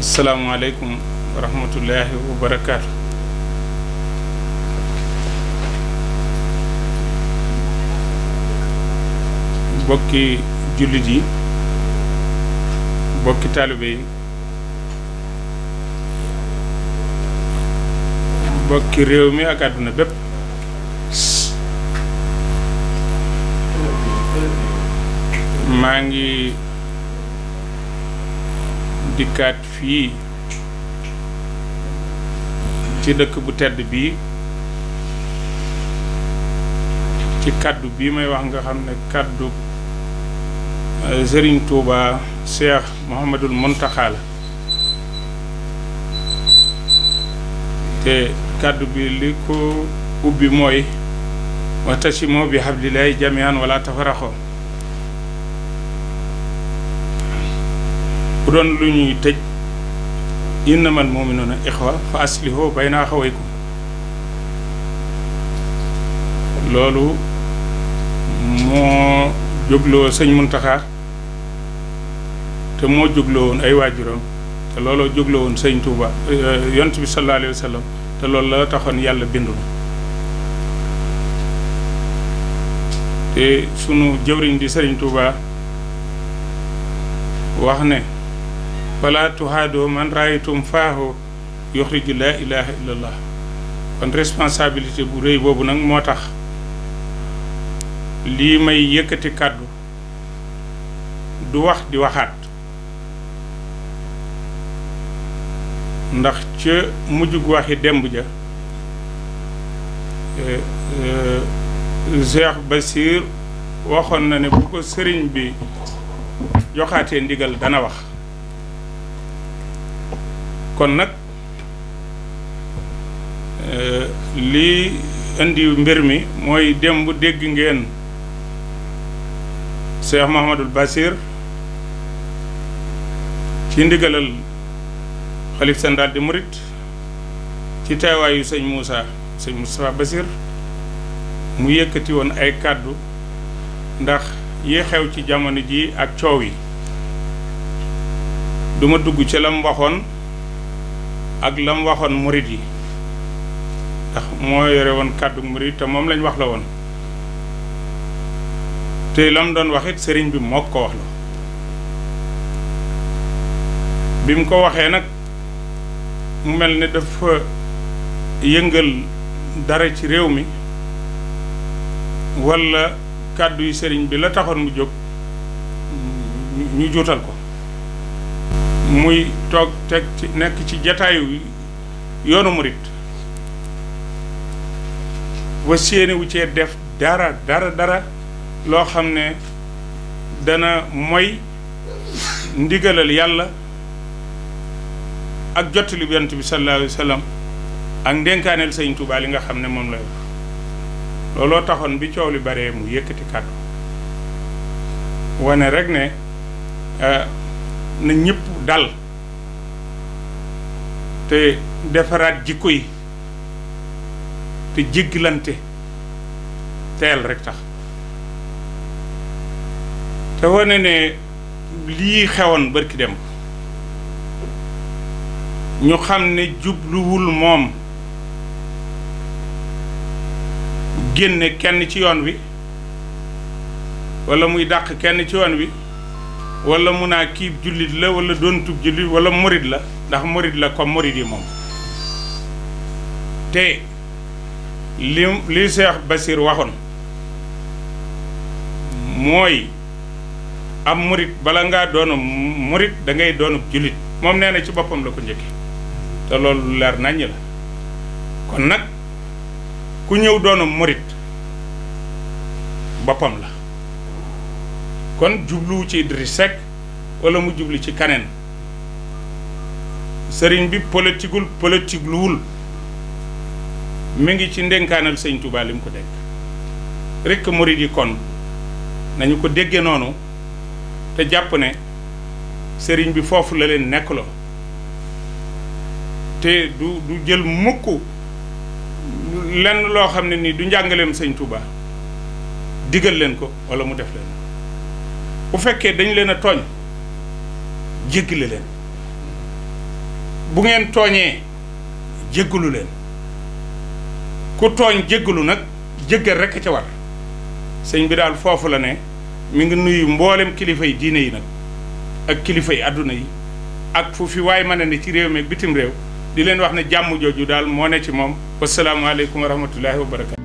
asalaamualeykum wa rahmatullahi wa barakaatu bokki jullit yi bokki taalibe yi bokki réew mi ak àdduna bépp maa ngi dikkaat fii ci dëkk bu tedd bii ci kàddu bi may wax nga xam ne kàddu euh, Sëriñ Tuuba Cheikh Mouhamadul Muntaxa te kàddu bi li ko ubbi mooy waxtasimoo bi hablillahi jamian wala tafaraxoo doon lu ñuy tëj innamal mu'minuuna ixwa fa naa bayna axawaykum loolu moo jógloo sëñ Muntaxa te moo jógloo woon ay waajuram te looloo jógloo woon sëñ Tuuba eh, yonent bi sallallahu alayhi te loolu la taxoon yàlla bindu te sunu jëwriñ di sëriñ Tuuba wax ne wala tuhaadoo man raaytum faahu yuxriju laa ilaha illallah kon responsabilité bu rëy boobu nag moo tax lii may yëkkati kàddu du wax di waxaat ndax ca mujjug waxi démb ja Cheikh Basir waxoon na ne bu ko sëriñ bi joxaatee ndigal dana wax kon nag eh, lii indi mbir mi mooy démb dégg ngeen Cheikh Mahamadul Basir ci ndigalal xalif général des mourides ci teewaayu sëñ musa sëñ Moustapha Basir mu yëkkati woon ay kàddu ndax yi xew ci jamono ji ak coow yi duma dugg ci lam waxoon ak la mu waxoon murit yi ndax moo yore woon kàddu murit te moom lañ wax la woon te la mu doon wax sëriñ bi moo ko wax la bi mu ko waxee nag mu mel ni dafa yëngal dara ci réew mi walla kàddu yu sëriñ bi la taxoon mu jóg ñu juutal ko muy toog teg ci nekk ci jataayu yoonu murit wa séeni wu cee def dara dara dara loo xam ne dana moy ndigalal yàlla ak jottali yonent bi sallallahu alayhi ak ndénkaaneel sëñ Tuubaa li nga xam ne moom la wax looloo taxoon bi coow li bare mu yëkkati kàddu wane rek ne euh, na ñëpp dal te defaraat jikko yi te jéggilante teel rekk tax te wane ne lii xewoon barki dem ñu xam ne jubluwul moom génne kenn ci yoon wi walla muy dàq kenn ci yoon wi wala mun naa kii jullit la walla doon tub jullit wala morit la ndax morit la ko morit yi moom te li li Cheikh Basir waxoon mooy am murit bala ngaa doon morit da ngay doonub jullit moom nee na ci boppam la ko njëkke te loolu leer naññ la kon nag ku ñëw doonub morit boppam la kon jubluwu ci Idriss walla mu jublu ci kaneen sëriñ bi politikul politikluwul mi ngi ci ndénkaanal sëñ Touba li mu ko dénk rekk murid yi kon nañu ko déggee noonu te jàpp ne sëriñ bi foofu la leen nekk la te du du jël mukk lenn loo xam ne nii du njàngaleem sëñ Touba digal leen ko wala mu def leen bu fekkee dañ leen a tooñ jéggale leen bu ngeen tooñee jéggalu leen ku tooñ jéggalu nag jéggal rekk ca war sëñ bi daal foofu la ne mu ngi nuyu mboolem kilifa yi diine yi nag ak kilifa yi àdduna yi ak fu fi waay mën a ne ci réew mi bitim réew di leen wax ne jàmm jooju daal moo ne ci moom wasalaamaaleykum wa rahmatullahi wa barakaatu